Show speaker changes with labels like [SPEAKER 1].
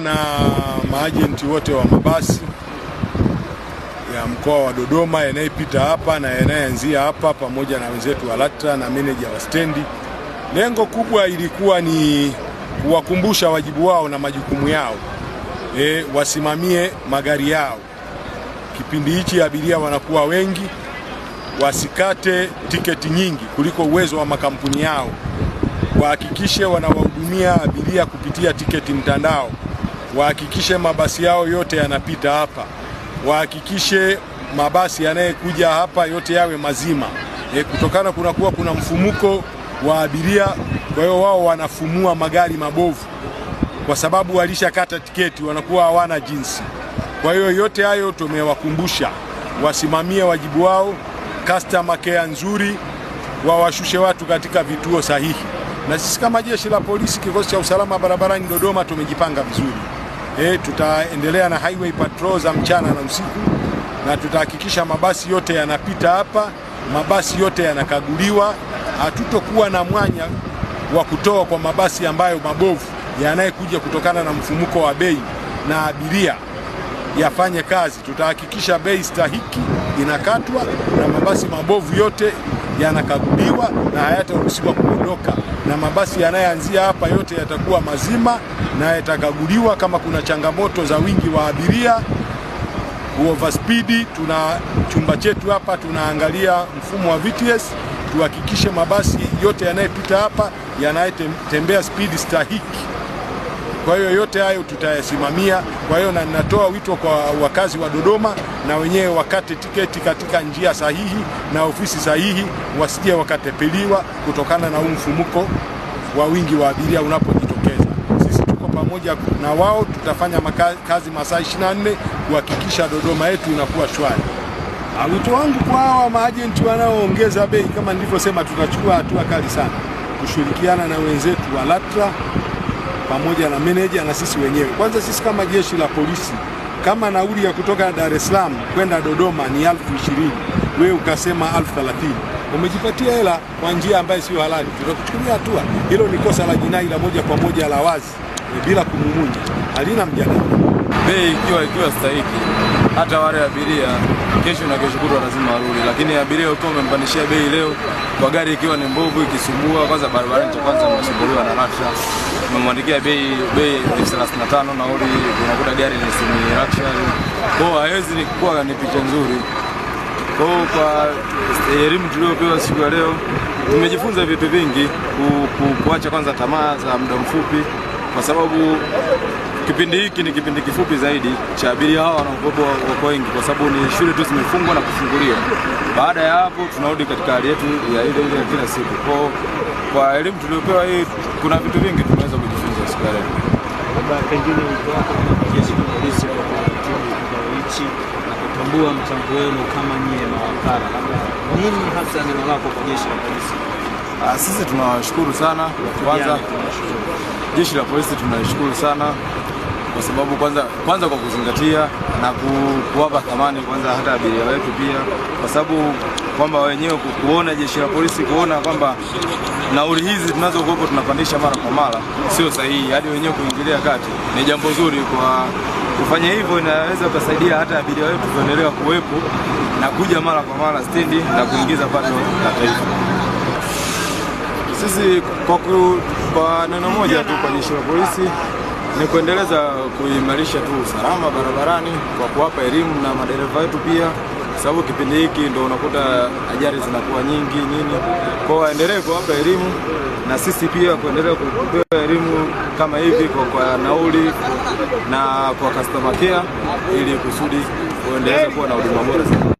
[SPEAKER 1] na maajenti wote wa mabasi ya mkoa wa Dodoma yanayepita hapa na yanayeanzia hapa pamoja na wenzetu wa LATRA na meneja wa stendi. Lengo kubwa ilikuwa ni kuwakumbusha wajibu wao na majukumu yao, e, wasimamie magari yao. Kipindi hichi abiria wanakuwa wengi, wasikate tiketi nyingi kuliko uwezo wa makampuni yao, wahakikishe wanawahudumia abiria kupitia tiketi mtandao wahakikishe mabasi yao yote yanapita hapa, wahakikishe mabasi yanayekuja hapa yote yawe mazima e, kutokana kunakuwa kuna mfumuko wa abiria, kwa hiyo wao wanafumua magari mabovu kwa sababu walishakata tiketi, wanakuwa hawana jinsi. Kwa hiyo yote hayo tumewakumbusha, wasimamie wajibu wao, customer care nzuri, wawashushe watu katika vituo sahihi. Na sisi kama jeshi la polisi, kikosi cha usalama barabarani Dodoma, tumejipanga vizuri. E, tutaendelea na highway patrol za mchana na usiku, na tutahakikisha mabasi yote yanapita hapa, mabasi yote yanakaguliwa. Hatutokuwa na mwanya wa kutoa kwa mabasi ambayo mabovu yanayekuja kutokana na mfumuko wa bei na abiria yafanye kazi. Tutahakikisha bei stahiki inakatwa na mabasi mabovu yote yanakaguliwa na hayataruhusiwa kuondoka, na mabasi yanayoanzia hapa yote yatakuwa mazima na yatakaguliwa. Kama kuna changamoto za wingi wa abiria overspeed, tuna chumba chetu hapa, tunaangalia mfumo wa VTS tuhakikishe mabasi yote yanayopita hapa yanayotembea spidi stahiki. Kwa hiyo yote hayo tutayasimamia. Kwa hiyo na ninatoa wito kwa wakazi wa Dodoma na wenyewe wakate tiketi katika njia sahihi na ofisi sahihi, wasije wakatepeliwa kutokana na huu mfumuko wa wingi wa abiria unapojitokeza. Sisi tuko pamoja na wao, tutafanya kazi masaa 24 kuhakikisha Dodoma yetu inakuwa shwari. Ah, wito wangu kwa hawa maajenti wanaoongeza bei, kama nilivyosema, tutachukua hatua kali sana kushirikiana na wenzetu wa LATRA pamoja na meneja na sisi wenyewe. Kwanza sisi kama jeshi la polisi, kama nauli ya kutoka Dar es Salaam kwenda Dodoma ni elfu ishirini wewe ukasema elfu thelathini umejipatia hela kwa njia ambayo siyo halali, tutakuchukulia hatua. Hilo ni kosa la jinai la moja kwa moja la wazi, bila kumumunya, halina mjadala
[SPEAKER 2] bei ikiwa ikiwa stahiki, hata wale abiria kesho na kesho kutwa lazima warudi, lakini abiria ukiwa umempandishia bei leo kwa gari ikiwa ni mbovu ikisumbua, kwanza barabarani, cha kwanza mnasumbuliwa na raksha, umemwandikia bei bei elfu thelathini na tano nauli, unakuta gari ni simu raksha, kwao haiwezi kuwa ni picha nzuri. Kwa kwa eh, elimu tuliopewa siku ya leo tumejifunza vitu vingi, ku, ku, kuacha kwanza tamaa za muda mfupi, kwa sababu Kipindi hiki ni kipindi kifupi zaidi cha abiria hawa wanaokuwepo wako wengi, kwa sababu ni shule tu zimefungwa na kufunguliwa. Baada ya hapo, tunarudi katika hali yetu ya ile ile ya kila siku. Kwa kwa elimu tuliyopewa hii, kuna vitu vingi tunaweza kujifunza siku ya leo.
[SPEAKER 3] Pengine kwa kutambua mchango wenu kama nyie mawakala, nini hasa neno lako kwa jeshi la polisi?
[SPEAKER 2] Ah, sisi tunawashukuru sana kwanza, jeshi la polisi tunashukuru sana kwa sababu kwanza, kwanza kwa kuzingatia na kuwapa thamani kwanza hata abiria wetu pia, kwa sababu kwamba wenyewe kuona jeshi la polisi kuona kwamba nauli hizi tunazokuwepo tunapandisha mara kwa mara sio sahihi, hadi wenyewe kuingilia kati ni jambo zuri. Kwa kufanya hivyo, inaweza kusaidia hata abiria wetu kuendelea kuwepo na kuja mara kwa mara stendi na kuingiza pato la taifa. Sisi kwa, kwa neno moja tu kwa jeshi la polisi ni kuendeleza kuimarisha tu usalama barabarani kwa kuwapa elimu na madereva wetu pia, sababu kipindi hiki ndio unakuta ajali zinakuwa nyingi nini, kwa waendelee kuwapa elimu na sisi pia kuendelea kupewa elimu kama hivi kwa, kwa nauli na kwa customer care ili kusudi kuendeleza kuwa na huduma bora.